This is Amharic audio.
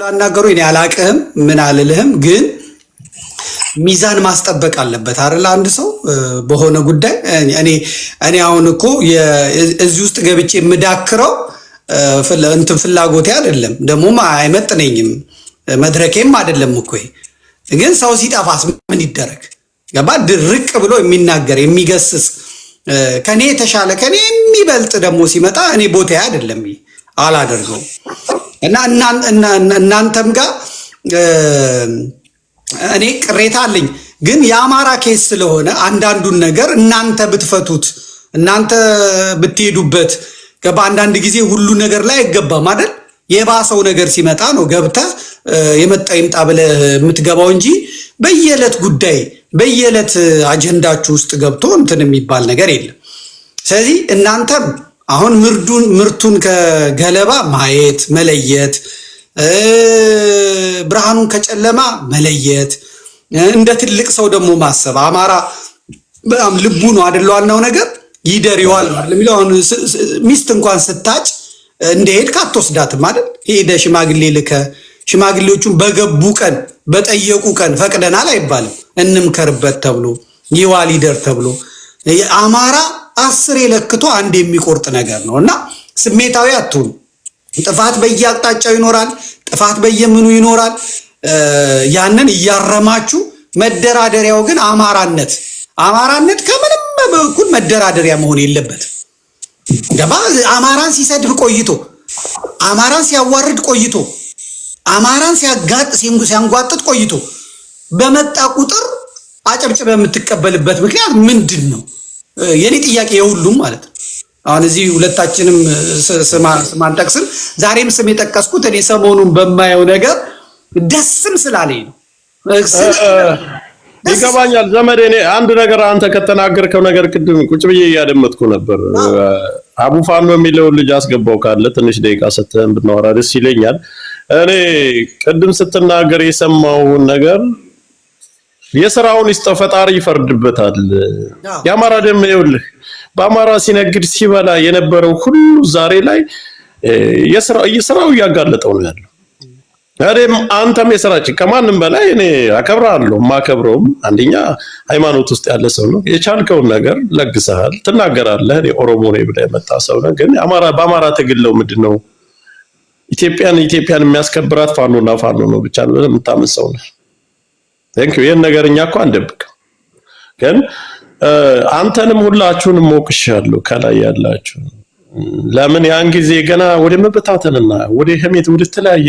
ላናገሩ እኔ አላቅህም፣ ምን አልልህም። ግን ሚዛን ማስጠበቅ አለበት አይደል? አንድ ሰው በሆነ ጉዳይ እኔ እኔ አሁን እኮ እዚህ ውስጥ ገብቼ የምዳክረው እንትን ፍላጎቴ አይደለም፣ ደግሞም አይመጥነኝም፣ መድረኬም አይደለም እኮ። ግን ሰው ሲጠፋስ ምን ይደረግ? ገባ? ድርቅ ብሎ የሚናገር የሚገስጽ ከኔ የተሻለ ከኔ የሚበልጥ ደግሞ ሲመጣ እኔ ቦታ አይደለም፣ አላደርገውም እና እናንተም ጋር እኔ ቅሬታ አለኝ። ግን የአማራ ኬስ ስለሆነ አንዳንዱን ነገር እናንተ ብትፈቱት እናንተ ብትሄዱበት በአንዳንድ ጊዜ ሁሉ ነገር ላይ አይገባም አይደል? የባሰው ነገር ሲመጣ ነው ገብተህ የመጣ ይምጣ ብለህ የምትገባው እንጂ በየዕለት ጉዳይ በየዕለት አጀንዳችሁ ውስጥ ገብቶ እንትን የሚባል ነገር የለም። ስለዚህ እናንተም አሁን ምርዱን ምርቱን ከገለባ ማየት መለየት፣ ብርሃኑን ከጨለማ መለየት፣ እንደ ትልቅ ሰው ደግሞ ማሰብ አማራ በጣም ልቡ ነው አደለ? ዋናው ነገር ይደር ይዋል የሚለው አሁን ሚስት እንኳን ስታጭ እንደሄድክ አትወስዳትም አይደል? ሄደ ሽማግሌ ልከ ሽማግሌዎቹን በገቡ ቀን በጠየቁ ቀን ፈቅደናል አይባልም። እንምከርበት ተብሎ ይዋል ይደር ተብሎ አማራ አስር የለክቶ አንድ የሚቆርጥ ነገር ነው እና ስሜታዊ አትሁኑ። ጥፋት በየአቅጣጫው ይኖራል። ጥፋት በየምኑ ይኖራል። ያንን እያረማችሁ መደራደሪያው ግን አማራነት አማራነት ከምንም በኩል መደራደሪያ መሆን የለበትም። ገባ? አማራን ሲሰድብ ቆይቶ አማራን ሲያዋርድ ቆይቶ አማራን ሲያጋጥ ሲያንጓጥጥ ቆይቶ በመጣ ቁጥር አጨብጭበ የምትቀበልበት ምክንያት ምንድን ነው? የኔ ጥያቄ የሁሉም ማለት ነው። አሁን እዚህ ሁለታችንም ስማንጠቅስም ዛሬም ስም የጠቀስኩት እኔ ሰሞኑን በማየው ነገር ደስም ስላለኝ ነው። ይገባኛል ዘመድ። እኔ አንድ ነገር አንተ ከተናገርከው ነገር ቅድም ቁጭ ብዬ እያደመጥኩ ነበር። አቡፋኖ የሚለውን ልጅ አስገባው ካለ ትንሽ ደቂቃ ሰተን ብናወራ ደስ ይለኛል። እኔ ቅድም ስትናገር የሰማውን ነገር የስራውን ይስጠው ፈጣሪ ይፈርድበታል። የአማራ ደም ይኸውልህ በአማራ ሲነግድ ሲበላ የነበረው ሁሉ ዛሬ ላይ ስራው እያጋለጠው ነው ያለው። እኔም አንተም የስራችን ከማንም በላይ እኔ አከብራለሁ። ማከብረውም አንደኛ ሃይማኖት ውስጥ ያለ ሰው ነው። የቻልከውን ነገር ለግሰሃል፣ ትናገራለህ። እኔ ኦሮሞ ነኝ ብለህ የመጣ ሰው ነው። ግን አማራ በአማራ ተግለው ምንድን ነው ኢትዮጵያን ኢትዮጵያን የሚያስከብራት ፋኖና ፋኖ ነው ብቻ ነው የምታምን ሰው ነው። ቴንኪው። ይህን ነገር እኛ እኮ አንደብቅም፣ ግን አንተንም ሁላችሁንም ሞቅሻለሁ ከላይ ያላችሁ ለምን ያን ጊዜ ገና ወደ መበታተንና ወደ ህሜት ወደ ተለያየ